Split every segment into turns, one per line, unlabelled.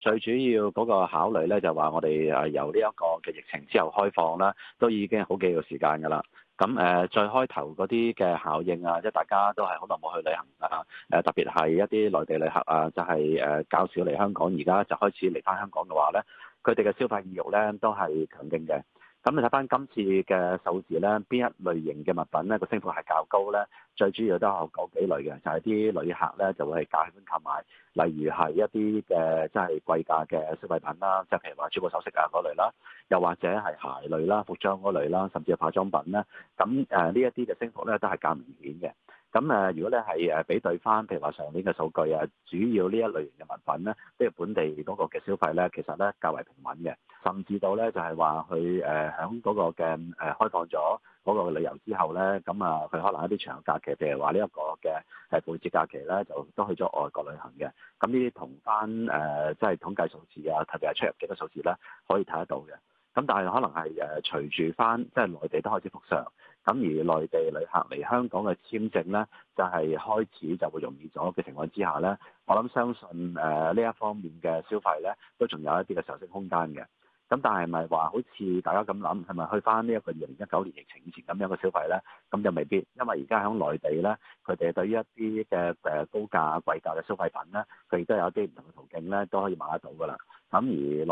最主要嗰個考慮呢，就話我哋誒由呢一個嘅疫情之後開放啦，都已經好幾個時間噶啦。咁誒，再開頭嗰啲嘅效應啊，即係大家都係好耐冇去旅行啊，誒，特別係一啲內地旅客啊，就係、是、誒較少嚟香港，而家就開始嚟返香港嘅話呢，佢哋嘅消費意欲呢都係強勁嘅。咁你睇翻今次嘅數字咧，邊一類型嘅物品咧個升幅係較高咧？最主要都係嗰幾類嘅，就係、是、啲旅客咧就會係較喜歡購買，例如係一啲嘅即係貴價嘅消費品啦，即係譬如話珠寶、首飾啊嗰類啦，又或者係鞋類啦、服裝嗰類啦，甚至係化妝品啦。咁誒呢一啲嘅升幅咧都係較明顯嘅。咁誒，如果咧係誒比對翻，譬如話上年嘅數據啊，主要呢一類型嘅物品咧，即係本地嗰個嘅消費咧，其實咧較為平穩嘅，甚至到咧就係話佢誒喺嗰個嘅誒開放咗嗰個旅遊之後咧，咁啊，佢可能一啲長假期，譬如話呢一個嘅誒節假期咧，就都去咗外國旅行嘅。咁呢啲同翻誒即係統計數字啊，特別係出入幾多數字咧，可以睇得到嘅。咁但係可能係誒隨住翻即係內地都開始復常。咁而內地旅客嚟香港嘅簽證呢，就係、是、開始就會容易咗嘅情況之下呢。我諗相信誒呢、呃、一方面嘅消費呢，都仲有一啲嘅上升空間嘅。咁但係咪話好似大家咁諗，係咪去返呢一個二零一九年疫情前咁樣嘅消費呢？咁就未必，因為而家喺內地呢，佢哋對於一啲嘅誒高價貴價嘅消費品呢，佢亦都有一啲唔同嘅途徑呢，都可以買得到㗎喇。咁而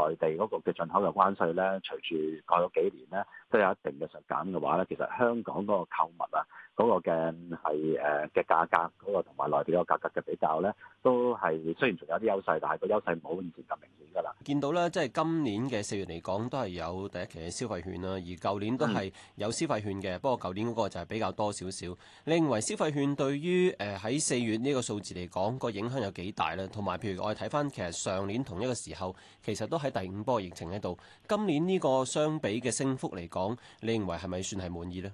內地嗰個嘅進口嘅關稅咧，隨住過咗幾年咧，都有一定嘅削減嘅話咧，其實香港嗰、嗰個購物啊，嗰、呃嗰個嘅係誒嘅價格嗰個同埋內地個價格嘅比較咧，都係雖然仲有啲優勢，但係個優勢唔好以前咁明顯。
見到咧，即係今年嘅四月嚟講，都係有第一期嘅消費券啦。而舊年都係有消費券嘅，不過舊年嗰個就係比較多少少。你認為消費券對於誒喺四月呢個數字嚟講，個影響有幾大咧？同埋譬如我哋睇翻，其實上年同一個時候，其實都喺第五波疫情喺度。今年呢個相比嘅升幅嚟講，你認為係咪算係滿意呢？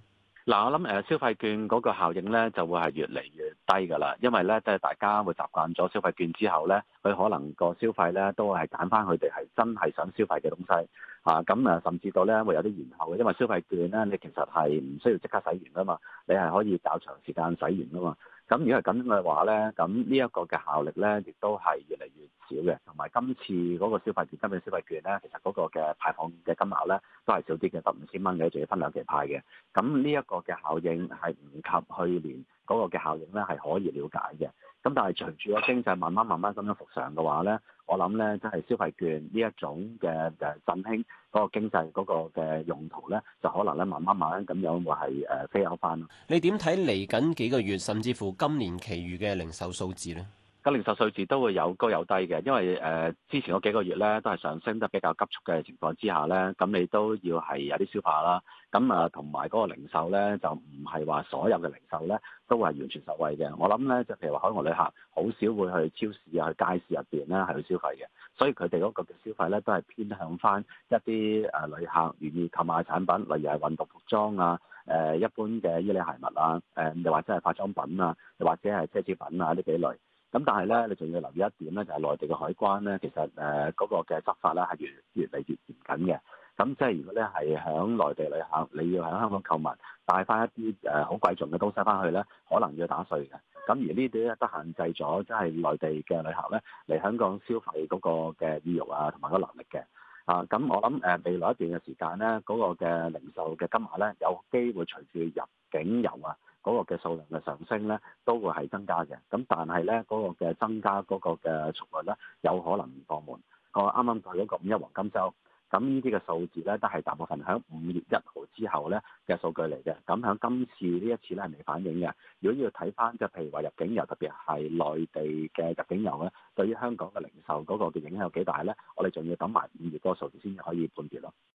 嗱、呃，我諗誒、呃、消費券嗰個效應咧，就會係越嚟越低噶啦，因為咧，即係大家會習慣咗消費券之後咧，佢可能個消費咧都係揀翻佢哋係真係想消費嘅東西啊，咁啊，甚至到咧會有啲延後嘅，因為消費券咧，你其實係唔需要即刻使完噶嘛，你係可以較長時間使完噶嘛，咁如果係咁嘅話咧，咁呢一個嘅效力咧，亦都係越嚟越。少嘅，同埋今次嗰個消費券，今年消費券咧，其實嗰個嘅派放嘅金額咧，都係少啲嘅，得五千蚊嘅，仲要分兩期派嘅。咁呢一個嘅效應係唔及去年嗰個嘅效應咧，係可以了解嘅。咁但係隨住個經濟慢慢慢慢咁樣復常嘅話咧，我諗咧，真係消費券呢一種嘅誒振興嗰個經濟嗰個嘅用途咧，就可能
咧慢慢慢慢咁
樣會係誒飛悠翻咯。
你點睇嚟緊幾個月，甚至乎今年其餘嘅零售數字咧？個
零售數字都會有高有低嘅，因為
誒、呃、之前嗰幾
個月咧都係上升得比較急促嘅情況之下咧，咁你都要係有啲消化啦。咁啊，同埋嗰個零售咧就唔係話所有嘅零售咧都係完全受惠嘅。我諗咧就譬如話海外旅客好少會去超市啊、去街市入邊咧係去消費嘅，所以佢哋嗰個嘅消費咧都係偏向翻一啲誒旅客願意購買產品，例如係運動服裝啊、誒一般嘅衣類鞋物啊、誒又或者係化妝品啊、又或者係奢侈品啊呢幾類。咁但係咧，你仲要留意一點咧，就係內地嘅海關咧，其實誒嗰個嘅執法咧係越越嚟越嚴謹嘅。咁即係如果咧係響內地旅客，你要喺香港購物，帶翻一啲誒好貴重嘅東西翻去咧，可能要打稅嘅。咁而呢啲咧，得限制咗，即係內地嘅旅客咧嚟香港消費嗰個嘅意欲啊，同埋個能力嘅。啊，咁我諗誒未來一段嘅時間咧，嗰個嘅零售嘅金額咧，有機會隨住入境遊啊。嗰個嘅數量嘅上升咧，都會係增加嘅。咁但係咧，嗰、那個嘅增加嗰個嘅速率咧，有可能放緩。我啱啱過咗個五一黃金週，咁呢啲嘅數字咧，都係大部分喺五月一號之後咧嘅數據嚟嘅。咁喺今次呢一次咧，係未反映嘅。如果要睇翻就譬如話入境遊，特別係內地嘅入境遊咧，對於香港嘅零售嗰個嘅影響有幾大咧？我哋仲要等埋五月嗰個數字先可以判別咯。